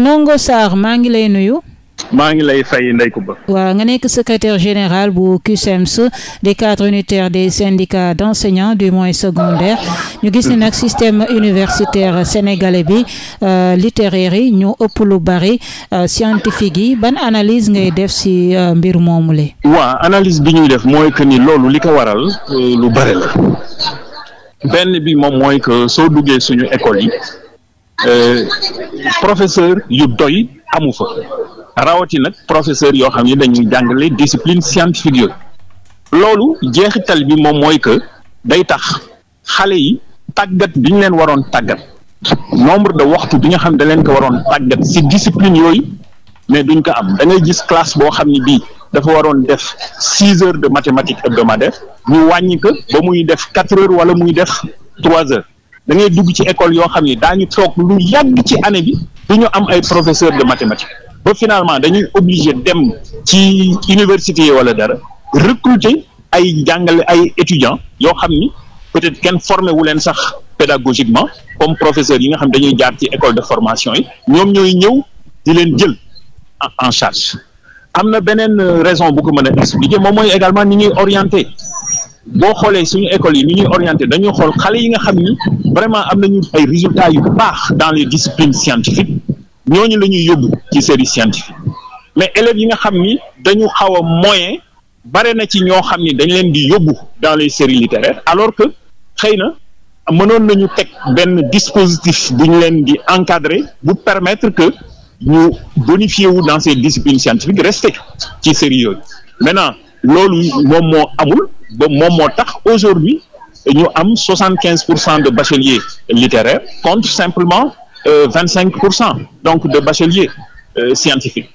Ndongo Sarr maa ngi lay nuyu. maa ngi lay fay Ndeye Comba. waaw nga nekk secretaire général bu CUSEMS des de unitaires des syndicats d' enseignants du moyen secondaire ñu gis ni nag système universitaire sénégalais bi euh, littéraire yi ñu ëpp lu bari euh, scientifique yi ban analyse ngay def si euh, mbir moomu la. analyse bi ñuy def mooy que ni loolu li ko waral lu bari la. benn bi moom mooy que soo duggee suñu école yi. Euh, professeur yu doy amu fa rawati nag professeur yoo xam ne dañuy jàngale discipline scientifique yooyu loolu tali bi moom mooy que day tax xale yi tàggat bi leen waroon tàggat nombre de waxtu bi nga xam da leen ko waroon tàggat ci discipline yooyu mais duñ ko am da ngay gis classe boo xam ne bii dafa waroon def six heures de mathématiques hebdomadaire ñu wàññi ko ba muy def quatre heures wala muy def trois heures da ngay dugg ci école yoo xam ni daa daañu toog lu yàgg ci année bi du ñu am ay professeur de mathématique ba finalement dañuy obligé dem ci université wala dara recruter ay jàngale ay étudiants yoo xam ni peut-être kenn formé wu leen sax pédagogiquement comme professeur yi nga xam dañuy jaar ci école de formation yi ñoom ñooy ñëw di leen jël en charge am na beneen euh, raison bu ko mën a expliquer moom mooy également ni ñuy orienté boo xoolee suñu école yi ni ñuy orienté dañuy xool xale yi nga xam ni vraiment am nañu ay résultats yu paax dans les disciplines scientifiques ñooñu la ñuy yóbbu ci série scientifique mais élèves yi nga xam ni dañu xaw a moyen bare na ci ñoo xam ni dañ leen di yóbbu dans les séries littéraires alors que xëy na mënoon nañu teg benn dispositif bu ñu leen di encadrer bu permettre que ñu bonifié wu dans ces disciplines scientifiques resté ci série yooyu maintenant loolu moom moo amul ba moom moo tax aujourd'hui ñu am soixante quinze pour cent de bacheliers littéraires contre simplement euh, vingt cinq pour cent donc de bacheliers euh, scientifiques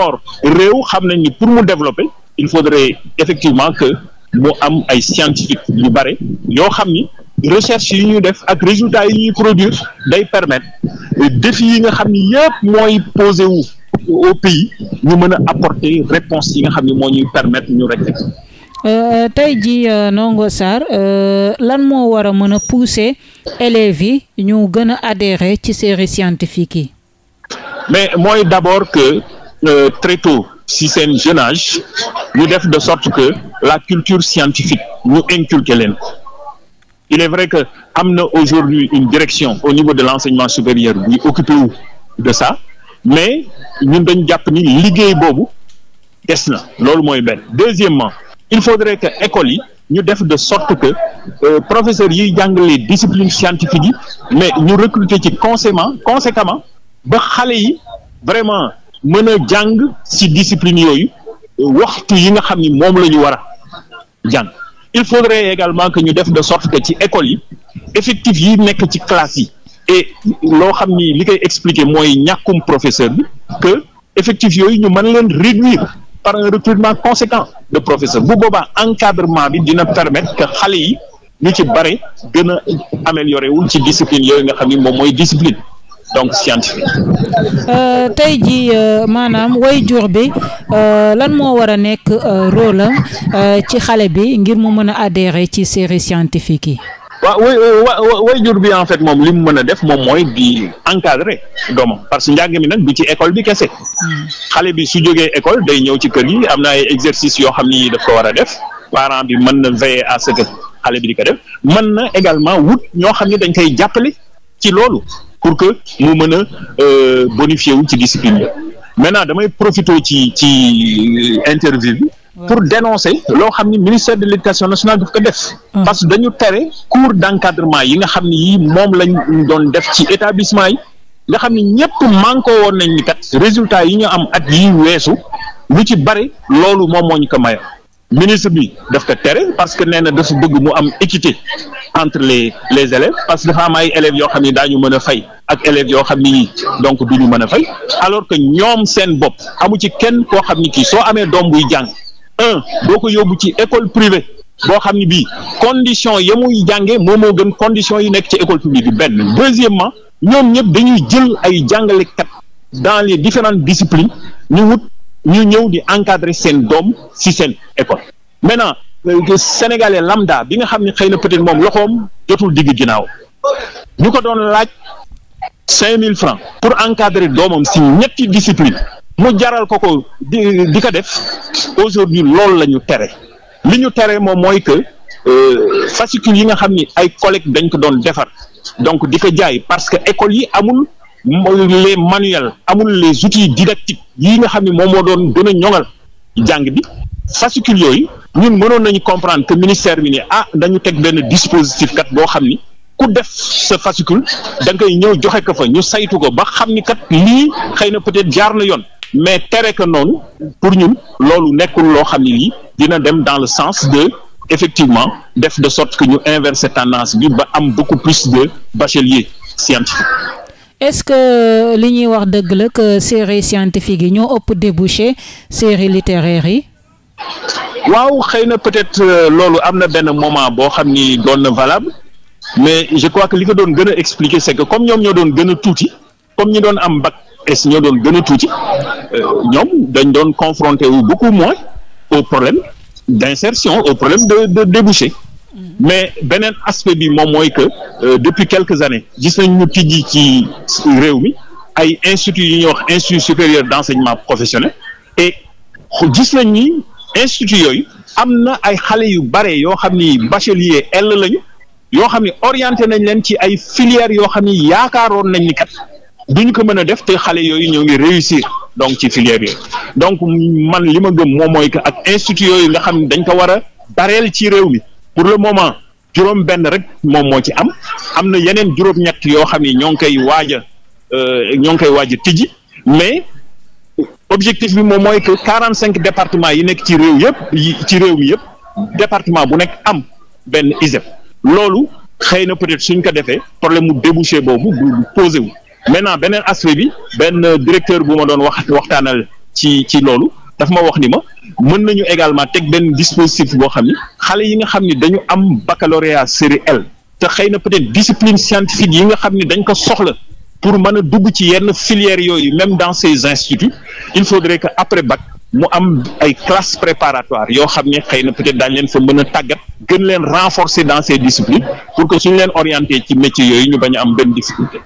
or réew xam nañ ni pour mu développer il faudrait effectivement que mu am ay scientifique yu bare yoo xam ni recherche yi ñu def ak résultats yi ñuy produire day permettre euh, défi yi nga xam ni yëpp mooy posé wu au pays mën a apporter réponse yi nga xam ni moo ñuy permettre ñu rek Euh, tey jii euh, Ndongo Sarr euh, lan moo war a mën a pousser élèves yi ñu gën a adhérer ci série scientifique yi. mais mooy d'abord que euh, très tôt si seen jeune âge ñu def de sorte que la culture scientifique ñu inculquer leen ko il est vrai que am na aujourd'hui une direction au niveau de l'enseignement supérieur buy occupé wu de ça mais ñun dañ jàpp ni liggéey boobu des na loolu mooy benn deuxièmement il faudrait que école yi ñu def de sorte que euh, professeurs yiy jàngale discipline scientifique yi mais ñu recruter ci conséquemment conséquemment ba xale yi vraiment mën a jàng si discipline yooyu euh, waxtu yi nga xam ni moom la ñu war a jàng il faudrait également que ñu def de sorte que ci école yi effectif yi nekk ci classe yi et loo xam ni li koy expliquer mooy ñàkkum professeur bi que effectif yooyu ñu mën leen réduire par un recrutement conséquent de professeurs bu booba encadrement bi dina permettre que xale yi ñu ci bare gën a amélioré wul ci discipline yooyu nga xam ni moom mooy discipline donc scientifique. Euh, tey jii euh, maanaam waajur bi euh, lan moo war a nekk rôle am ci xale bi ngir mu mën a adhérer ci série scientifique yi. waaw way way jur bi en fait moom li mu mën a def moom mooy di encadrer doomam parce que njàng mi nag du ci école bi kese xale bi su jógee école day ñëw ci kër yi am na ay exercice yoo xam ni daf ko war a def parent bi mën na veiller à ce que xale bi di ko def mën na également wut ñoo xam ne dañ koy jàppale ci loolu pour que mu mën a euh, bonifier wu ci discipline bi maintenant damay profiter ci ci euh, interview bi pour dénoncer loo xam ni ministère de l'éducation nationale daf ko def. parce que dañu tere cours d'encadrement yi nga xam ni yii moom lañ doon def ci établissement yi nga xam ni ñëpp manqué woon nañ ni kat résultat yi ñu am at yi weesu lu ci bari loolu moom moo ñu ko mayoon ministre bi daf ko tere parce que nee na dafa bëgg mu am équité entre les les élèves parce que dafa am ay élèves yoo xam ni daañu mën a fay ak élèves yoo xam ni donc du ñu mën a fay alors que ñoom seen bopp amu ci kenn koo xam ni kii soo amee doom buy jàng. un boo ko yóbbu ci école privée boo xam ne bii condition ya muy jànge moom moo gën condition yi nekk ci école publique di benn deuxièmement ñoom ñëpp dañuy jël ay jàngalekat dans les différentes disciplines ñu wut ñu ñëw di encadrer seen doom si seen école mais maintenant euh, sénégalais lambda bi nga xam ne xëy na peut-être moom loxoom jotul digg ginnaaw ñu ko doon laaj cinq mille francs pour encadrer doomam si ñetti discipline mu jaral ko ko di di ko def aujourd'hui loolu la ñu tere li ñu tere moom mooy que euh, fascicule yi nga xam ni ay collègues dañ ko doon defar donc di ko jaay parce que école yi amul les manuels amul les outils didactiques yi nga xam ni moom moo doon gën ñoŋal jàng bi fascicule yooyu ñun mënoon nañu comprendre que ministère bi nii ah dañu teg benn dispositif kat boo xam ni ku def sa fascicule da koy ñëw joxe ko fa ñu saytu ko ba xam ni kat lii xëy na peut-être jaar na yoon. mais tere que noonu pour ñu loolu nekkul loo xam ne nii dina dem dans le sens de effectivement def de sorte que ñu inverser tendance bi ba am beaucoup plus de bacheliers scientifiques. est-ce que li ñuy wax dëgg la que série scientifique yi ñoo ëpp débouché série littéraire yi. waaw xëy na peut-être euh, loolu am na benn moment boo xam ni doon na valable mais je crois que li ko doon gën a expliquer c'est que comme ñoom ñoo doon gën a tuuti comme ñi doon am bac. es ñoo doon gën a tuuti euh, ñoom dañ doon confronté wu beaucoup moins au problème d'insertion au problème de de débouché mm-hmm. mais beneen aspect bi moom mooy que euh, depuis quelques années gis nañ ñu tijji ci réew mi ay instituts yu ñuy wax institut supérieur d'enseignement professionnel et gis nañ ni instituts yooyu am na ay xale yu bare yoo xam ni bachelier L lañu yoo xam ni orienté nañ leen ci ay filières yoo xam ni yaakaaroon nañ ni kat ñu ko mën a def te xale yooyu ñoo ngi réussir donc ci filière yooyu donc man li ma gëm moom mooy que ak institut yooyu nga xam dañ ko war a bareel ci réew mi pour le moment juróom benn rek moom moo ci am am na yeneen juróom-ñett yoo xam yi ñoo ngi koy waaja a euh, ñoo ngi koy waaj a tijji mais objectif bi moom mooy que quarante cinq départements yi nekk ci réew yëpp ci réew mi yëpp département bu nekk am benn ISEP loolu xëy na peut-être suñ ko defee problème mu débouché boobu posé wu. mais maintenant beneen aspect bi benn directeur bu ma doon wax waxtaanal ci ci loolu dafa ma wax ni ma mën nañu également teg benn dispositif boo xam ni xale yi nga xam ni dañu am baccalauréat série te xëy na peut-être discipline scientifique yi nga xam ni dañ ko soxla pour mën a dugg ci yenn filières yooyu même dans ces instituts il faudrait que après bac mu am ay classes préparatoires yoo xam ne xëy na peut-être daañu leen fa mën a tàggat gën leen renforcer dans ces disciplines pour leen orienter ci métiers yooyu ñu bañ am benn difficulté.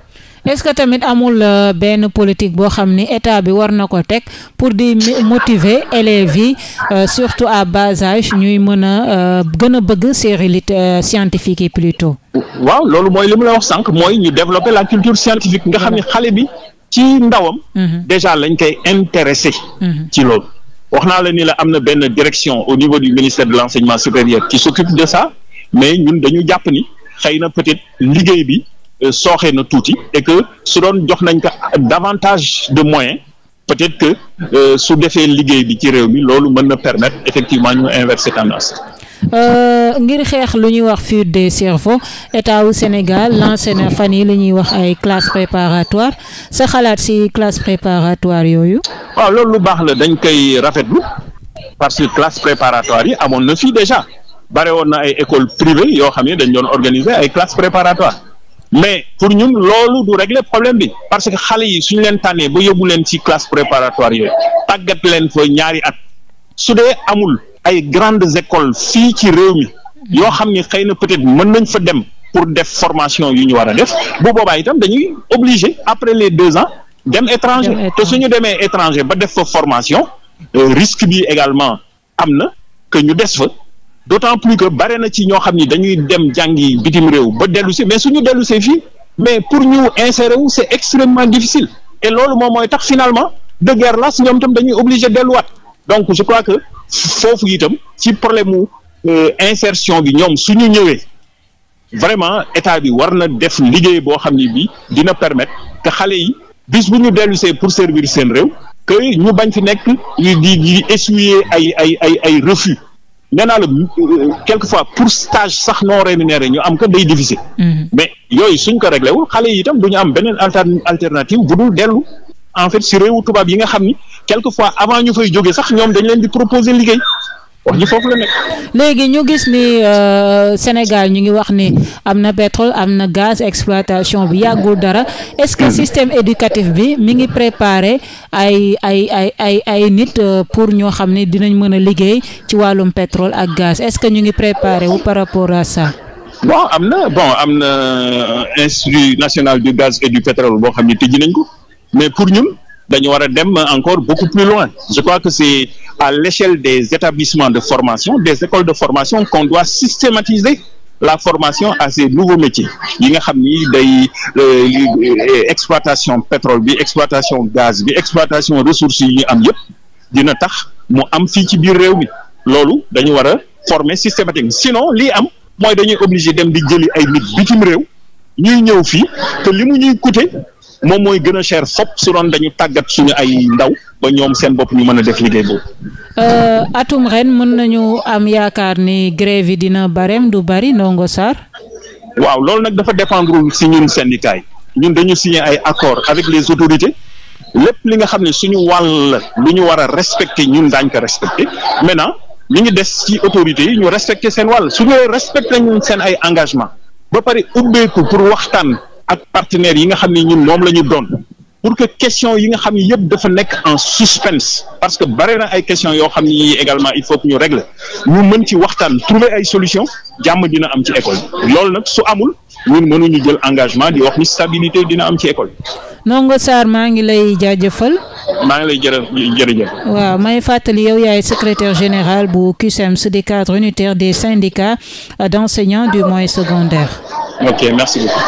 est-ce que tamit amul euh, benn politique boo xam ni état bi war na ko teg pour di motiver élèves yi euh, surtout à basage ñuy mën a euh, gën a bëgg série scientifique yi plutôt. waaw loolu mooy li mu la wax sànq mooy ñu développer la culture scientifique nga xam ni xale bi ci ndawam. Mhm. déjà lañ koy intéressé. Mhm. ci lool wax naa la ni la am na benn direction au niveau du ministère de l'enseignement supérieur qui s'occupe de ça mais ñun dañu jàpp ni xëy na peut-être liggéey bi. Euh, sooxee na tuuti et que su doon jox nañ ko davantage de moyen peut-être que euh, su defee liggéey bi ci réew mi loolu mën na permettre effectivement ñu inverser tendance. Euh, ngir xeex lu ñuy wax fuite de cerveaux état wu Sénégal lancé na fan yi lu ñuy wax ay classe préparatoire sa xalaat ci classe préparatoire yooyu. waaw lool lu baax la dañ koy rafetlu parce que classe préparatoire yi amoon na fii déjà bare woon na ay école privée yoo xam ne dañ doon organiser mais pour ñun loolu du régler problème bi parce que xale yi suñu leen tànnee ba yóbbu leen ci classe préparatoire yooyu tàggat leen fa ñaari at su dee amul ay grandes écoles fii ci réew mi yoo xam ni xëy na peut-être mën nañ fa dem pour def formation yu ñu war a def bu boobaa itam dañuy obliger après les deux ans dem étranger te su ñu demee étranger ba def fa formation euh, risque bi également am na que ñu des fa d'autant plus que bare na ci ñoo xam ni dañuy dem jàngi bitim réew ba dellu si mais suñu dellu see fii mais pour ñu insérer wu c'est extrêmement difficile et loolu moom mooy tax finalement de guerre las ñoom itam dañuy obligé delluwaat donc je crois que foofu itam ci problème mu euh, insertion bi ñoom suñu ñëwee vraiment état bi war na def liggéey boo xam ni bi dina permettre que xale yi bis bu ñu dellusee pour servir seen réew que ñu bañ fi nekk di di essuyer ay ay ay ay refus nee naa la quelquefois pour stage sax non rémunéré ñu am ko day difficile. Mm-hmm. mais yooyu suñ ko réglé xale yi itam ñu am beneen alternative bu dul dellu en fait si réewu tubaab yi nga xam ni quelquefois avant ñu fay jógee sax ñoom dañ leen di proposer liggéey. wax ji foofu la nekk. léegi ñu gis ni euh, Sénégal ñu ngi wax ni am na pétrole am na gaz exploitation bi yàggul dara est-ce que mm. système éducatif bi mi ngi préparé ay ay ay ay ay nit euh, pour ñoo xam ni dinañ mën a liggéey ci wàllum pétrole ak gaz est-ce que ñu ngi préparé wu par rapport à sa bon am na bon am na euh, institut national du gaz et du pétrole boo xam ni ne tëj nañ ko mais pour ñun dañu war dem encore beaucoup plus loin je crois que c'est à l'échelle des établissements de formation, des écoles de formation, qu'on doit systématiser la formation à ces nouveaux métiers yi nga xam ni day euh, euh, exploitation pétrole bi exploitation gaz bi exploitation ressources yi ñu am yëpp dina tax mu am fii ci biir réew mi loolu dañu war a former systématique sinon lii am mooy dañuy obligé dem di jëli ay nit bitim réew ñuy ñëw fii te li mu ñuy coûter moom mooy gën a cher fop su doon dañu tàggat suñu ay ndaw ba ñoom seen bopp ñu mën a def liggéey boobu. Euh, atum ren mën nañu am yaakaar ni grève yi dina barem du bari Ndongo Sarr. waaw loolu nag dafa dépendre si ñun syndicat yi ñun dañu signé ay accord avec les autorités lépp li nga xam ne suñu wàll lu ñu war a respecté ñun daañ ko respecté maintenant li ngi des ci autorités yi ñu respecté seen wàll su respecte respecté ñun seen ay engagement ba pare ubbeeku pour waxtaan. ak partenaires yi nga xam ni ñun moom la ñu doon pour que question yi nga xam ne yëpp dafa nekk en suspense parce que bare na ay question yoo xam ni également il faut que ñu régler ñu mën ci waxtaan trouver ay solution jàmm dina am ci école bi loolu nag su amul ñun mënuñu jël engagement di wax ni stabilité dina am ci école bi. Ndongo Sarr maa ngi lay jaajëfal. maa ngi lay jërë jërëjëf. waaw may fàttali yow yaay secrétaire général bu CUSEMS des di unitaires des syndicats d'enseignants du moyen secondaire. ok merci beaucoup.